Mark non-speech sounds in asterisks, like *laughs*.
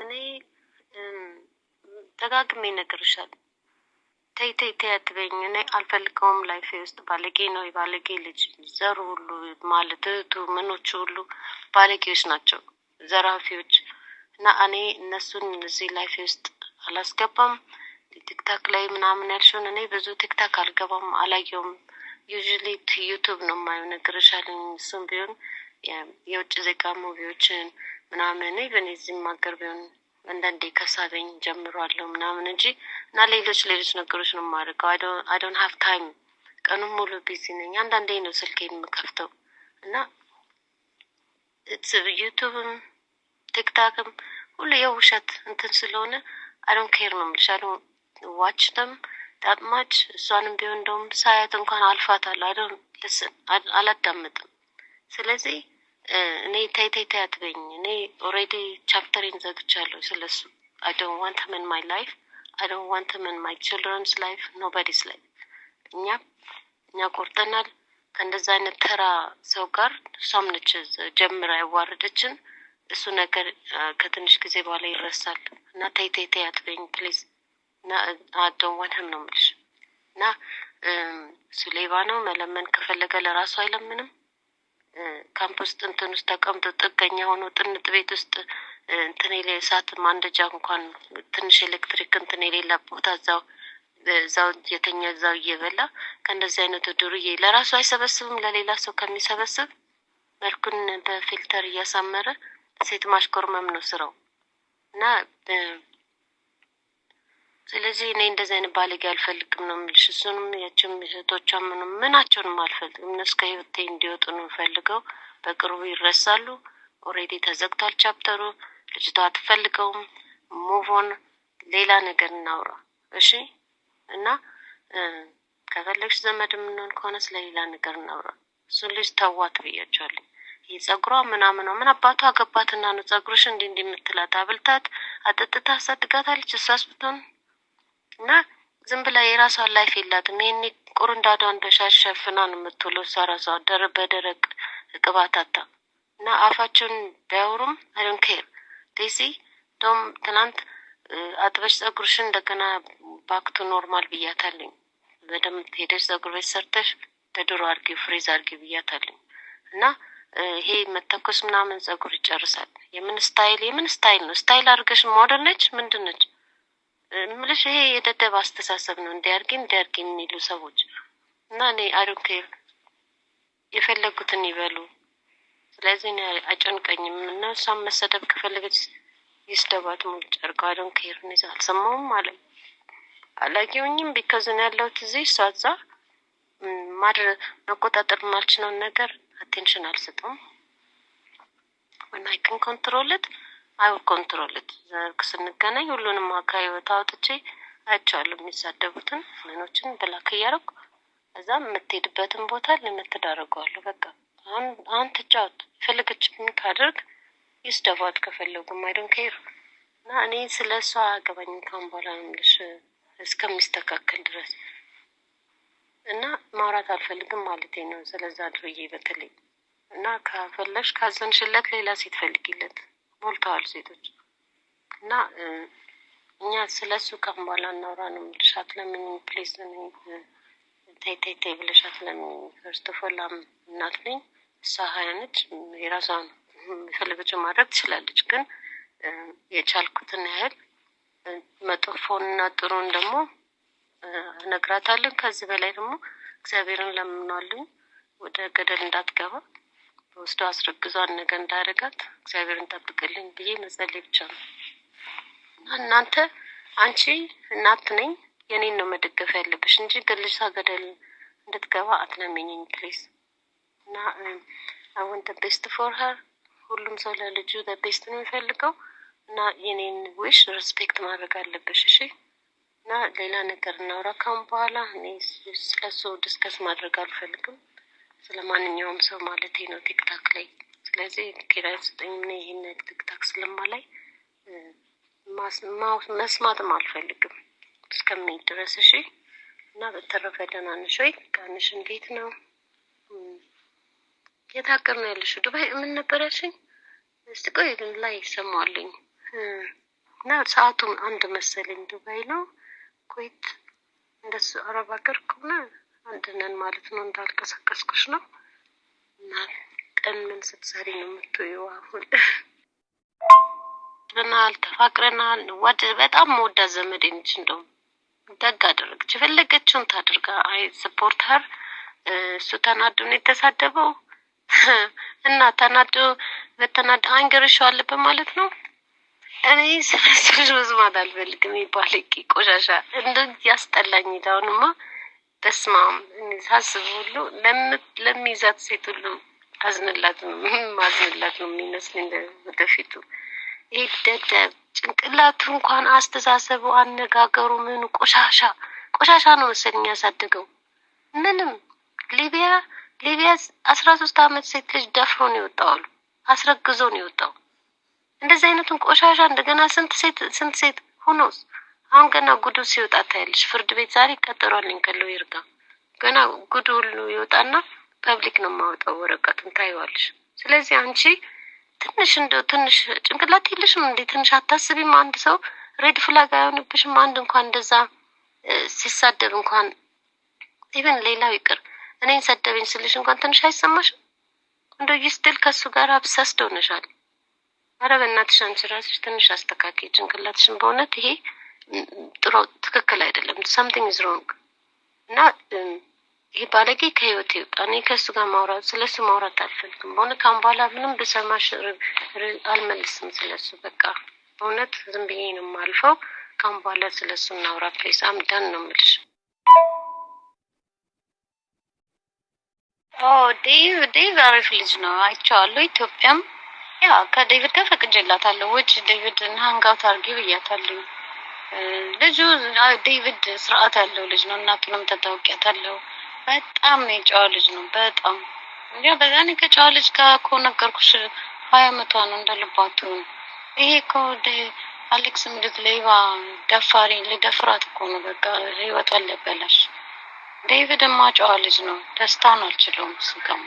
እኔ ደጋግሜ እነግርሻለሁ፣ ተይ ተይ ተይ አትበይኝ። እኔ አልፈልገውም። ላይፌ ውስጥ ባለጌ ነው። የባለጌ ልጅ ዘሩ ሁሉ ማለት እህቱ ምኖቹ ሁሉ ባለጌዎች ናቸው፣ ዘራፊዎች እና እኔ እነሱን እዚህ ላይፌ ውስጥ አላስገባም። ቲክታክ ላይ ምናምን ያልሽውን እኔ ብዙ ቲክታክ አልገባም፣ አላየውም። ዩዥሊ ዩቱብ ነው የማየው። እነግርሻለሁ እሱም ቢሆን የውጭ ዜጋ ሙቪዎችን ምናምን ኢቨን የዚህም ሀገር ቢሆን አንዳንዴ ከሳበኝ ጀምሯለሁ ምናምን እንጂ እና ሌሎች ሌሎች ነገሮች ነው የማደርገው። አይዶን ሀፍ ታይም ቀኑን ሙሉ ቢዚ ነኝ። አንዳንዴ ነው ስልክ የምከፍተው እና ዩቱብም ቲክታክም ሁሉ የውሸት እንትን ስለሆነ አይዶን ኬር ነው የምልሽ። አይ ዶንት ዋች ደም ዳት እሷንም ቢሆን እንደውም ሳያት እንኳን አልፋታለሁ። አይ ዶንት ልስን አላዳምጥም። ስለዚህ እኔ ታይ ታይ ታይ አትበኝ። እኔ ኦልሬዲ ቻፕተሬን ዘግቻለሁ ስለሱ። አይ ዶንት ዋንት ሂም ኢን ማይ ላይፍ አይ ዶንት ዋንት ሂም ኢን ማይ ችልድረንስ ላይፍ ኖባዲስ ላይፍ። እኛ እኛ ቆርጠናል ከእንደዛ አይነት ተራ ሰው ጋር። እሷም ነች ጀምራ ያዋረደችን። እሱ ነገር ከትንሽ ጊዜ በኋላ ይረሳል እና ታይ ታይ ታይ አትበኝ ፕሊዝ። እና አይ ዶንት ዋንት ሂም ነው የምልሽ እና እሱ ሌባ ነው። መለመን ከፈለገ ለራሱ አይለምንም። ካምፕ ውስጥ እንትን ውስጥ ተቀምጦ ጥገኛ ሆኖ ጥንጥ ቤት ውስጥ እንትን የሌ እሳት ማንደጃ እንኳን ትንሽ ኤሌክትሪክ እንትን የሌላ ቦታ እዛው እዛው የተኛ እዛው እየበላ ከእንደዚህ አይነቱ ዱርዬ ለራሱ አይሰበስብም፣ ለሌላ ሰው ከሚሰበስብ መልኩን በፊልተር እያሳመረ ሴት ማሽኮርመም ነው ስራው እና ስለዚህ እኔ እንደዚህ አይነት ባለጌ አልፈልግም ነው የምልሽ። እሱንም ያችም እህቶቿ ምንም ምናቸውንም አልፈልግም። እነሱ ከህይወቴ እንዲወጡ ነው የምፈልገው። በቅርቡ ይረሳሉ። ኦሬዲ ተዘግቷል ቻፕተሩ። ልጅቷ አትፈልገውም። ሙቮን ሌላ ነገር እናውራ እሺ። እና ከፈለግሽ ዘመድ የምንሆን ከሆነ ስለ ሌላ ነገር እናውራ። እሱን ልጅ ተዋት ብያቸዋለሁ። ይህ ጸጉሯ ምናምን ነው ምን አባቷ አገባትና ነው ጸጉርሽ እንዲህ እንዲህ የምትላት አብልታት አጠጥታ አሳድጋታለች። እሷስ ብትሆን እና ዝም ብላ የራሷን ላይፍ የላትም። ይሄኔ ቁርንዳዷን በሻሽ ሸፍና ነው የምትውለው። እሷ ራሷ በደረቅ ቅባት አታ እና አፋቸውን ቢያወሩም አይዶንኬር ዴዚ እንደውም ትናንት አጥበሽ ጸጉርሽን እንደገና ባክቱ ኖርማል ብያታለኝ። በደምብ ሄደሽ ጸጉር ቤት ሰርተሽ ተድሮ አርጊ ፍሬዝ አርጊ ብያታለኝ እና ይሄ መተኮስ ምናምን ጸጉር ይጨርሳል። የምን ስታይል የምን ስታይል ነው? ስታይል አድርገሽ ሞደል ነች ምንድን ነች? ምልሽ ይሄ የደደብ አስተሳሰብ ነው። እንዲያርጊ እንዲያርጊ የሚሉ ሰዎች እና እኔ አሩኬ የፈለጉትን ይበሉ። ስለዚህ እኔ አጨንቀኝም እና እሷም መሰደብ ከፈለገች ይስደባት ሙሉ ጨርቃ አዶን ከሄር ኔዛ አልሰማውም አለም አላየውኝም ቢከዝን ያለሁት እዚህ እሷ እዛ ማድረግ መቆጣጠር ማልችነውን ነገር አቴንሽን አልሰጠውም ወናይቅን ኮንትሮልት አይ ኮንትሮል ልትዘርግ ስንገናኝ ሁሉንም ከህይወት አውጥቼ አይቼዋለሁ። የሚሳደቡትን ምኖችን ብላክ እያደረኩ እዛ የምትሄድበትን ቦታ ልምትዳርገዋለሁ። በቃ አሁን አሁን ትጫወት ፈልግችን ታደርግ ይስደቧት ከፈለጉ ማይደን ከይር እና እኔ ስለ እሷ አገባኝ ካሁን በኋላ ምልሽ እስከሚስተካከል ድረስ እና ማውራት አልፈልግም ማለት ነው። ስለዛ ድርዬ በተለይ እና ከፈለሽ ካዘንሽለት ሌላ ሴት ፈልጊለት። ሞልተዋል ሴቶች እና እኛ ስለ እሱ ከም በኋላ እናውራ ነው የምልሽ። አትለምኝ ፕሌስ ለምኝ ተይ ተይ ተይ ብለሽ አትለምኝ። ፈርስት ኦፍ ኦል እናት ነኝ፣ እሷ ሀያ ነች። የራሷን የፈለገችው ማድረግ ትችላለች። ግን የቻልኩትን ያህል መጥፎንና ጥሩን ደግሞ እነግራታለን። ከዚህ በላይ ደግሞ እግዚአብሔርን ለምኗልኝ ወደ ገደል እንዳትገባ ወስዶ አስረግዟል። ነገ እንዳያደርጋት እግዚአብሔር እንጠብቅልኝ ብዬ መጸለይ ብቻ ነው። እናንተ አንቺ እናት ነኝ የኔን ነው መደገፍ ያለብሽ እንጂ ገልሳ ገደል እንድትገባ አትለምኝኝ ፕሊዝ። እና አሁን ተቤስት ቤስት ፎር ሀር ሁሉም ሰው ለልጁ ተቤስት ነው የሚፈልገው እና የኔን ዊሽ ሪስፔክት ማድረግ አለብሽ። እሺ እና ሌላ ነገር እናውራ ካሁን በኋላ እኔ ስለሱ ዲስከስ ማድረግ አልፈልግም። ስለ ማንኛውም ሰው ማለቴ ነው ቲክታክ ላይ። ስለዚህ ኪራይ ስጠኝ ምን ይህን ቲክታክ ስለማላይ መስማትም አልፈልግም እስከሚሄድ ድረስ እሺ። እና በተረፈ ደህና ነሽ ወይ? ቀንሽ እንዴት ነው? የት ሀገር ነው ያለሽው? ዱባይ ምን ነበር ያልሽኝ? እስቲ ቆይ ላይ ይሰማልኝ እና ሰዓቱም አንድ መሰለኝ። ዱባይ ነው ኩዌት እንደሱ አረብ ሀገር ከሆነ አንድነን ማለት ነው። እንዳልቀሰቀስኩሽ ነው እና ቀን ምን ስትሰሪ ነው የምትውይው? አሁን ብናል ተፋቅረናል። ወድ በጣም መወዳ ዘመድ ንች እንደውም ደግ አደረገች። የፈለገችውን ታድርጋ። አይ ስፖርተር እሱ ተናዶ ነው የተሳደበው እና ተናዱ በተናዱ በተናዶ አንገርሸዋለሁ ማለት ነው። እኔ ስለስልሽ መስማት አልፈልግም። ይባል ቆሻሻ እንደ ያስጠላኝ ዳሁንማ በስማም ሳስብ ሁሉ ለሚይዛት ሴት ሁሉ አዝንላት ነው *laughs* ማዝንላት ነው የሚመስለኝ። ወደፊቱ ይደደብ ጭንቅላቱ እንኳን አስተሳሰቡ፣ አነጋገሩ፣ ምኑ ቆሻሻ ቆሻሻ ነው መሰለኝ ያሳደገው። ምንም ሊቢያ ሊቢያ አስራ ሶስት አመት ሴት ልጅ ደፍሮ ነው የወጣዋሉ አስረግዞ ነው የወጣው። እንደዚህ አይነቱን ቆሻሻ እንደገና ስንት ሴት ስንት ሴት ሁኖስ አሁን ገና ጉዱ ሲወጣ ታያለሽ። ፍርድ ቤት ዛሬ ቀጠሯልኝ ከለው ይርጋ ገና ጉዱ ሁሉ ይወጣና ፐብሊክ ነው የማወጣው ወረቀቱን ታይዋለሽ። ስለዚህ አንቺ ትንሽ እንደው ትንሽ ጭንቅላት የለሽም እንዴ? ትንሽ አታስቢም? አንድ ሰው ሬድ ፍላግ አይሆንብሽም? አንድ እንኳን እንደዛ ሲሳደብ እንኳን ኢቨን ሌላው ይቅር እኔን ሰደበኝ ስልሽ እንኳን ትንሽ አይሰማሽም? እንደው ይስትል ከእሱ ጋር አብሳስድ ደሆነሻል። አረ በእናትሽ አንቺ ራስሽ ትንሽ አስተካከይ ጭንቅላትሽን በእውነት ይሄ ጥሩ ትክክል አይደለም። ሳምቲንግ ኢዝ ሮንግ እና ይህ ባለጌ ከህይወት ይወጣ። እኔ ከእሱ ጋር ማውራት ስለሱ ማውራት አልፈልግም። በእውነት ካሁን በኋላ ምንም ብሰማሽ አልመልስም ስለሱ። በቃ በእውነት ዝም ብዬ ነው የማልፈው። ካሁን በኋላ ስለሱ እናውራ ፕሌስ። አምዳን ነው የምልሽ። ኦ ዴቭ ዴቭ አሪፍ ልጅ ነው፣ አይቼዋለሁ። ኢትዮጵያም ያ ከዴቪድ ጋር ፈቅጄላታለሁ። ውጭ ዴቪድ እና ሀንጋውት አድርጊ ብያታለሁ። ልጁ ዴቪድ ስርዓት ያለው ልጅ ነው። እናቱንም ተታውቂያታለው። በጣም ነው የጨዋ ልጅ ነው። በጣም እንጃ በዛኔ ከጨዋ ልጅ ጋር እኮ ነገርኩሽ፣ ሀያ አመቷ ነው እንደ ልባቱ ነው። ይሄ እኮ አሌክስ ምድት ሌባ ደፋሪ ልደፍራት እኮ ነው። በቃ ህይወቷ አለበላሽ። ዴቪድማ ጨዋ ልጅ ነው። ደስታውን አልችለውም ስንቀማ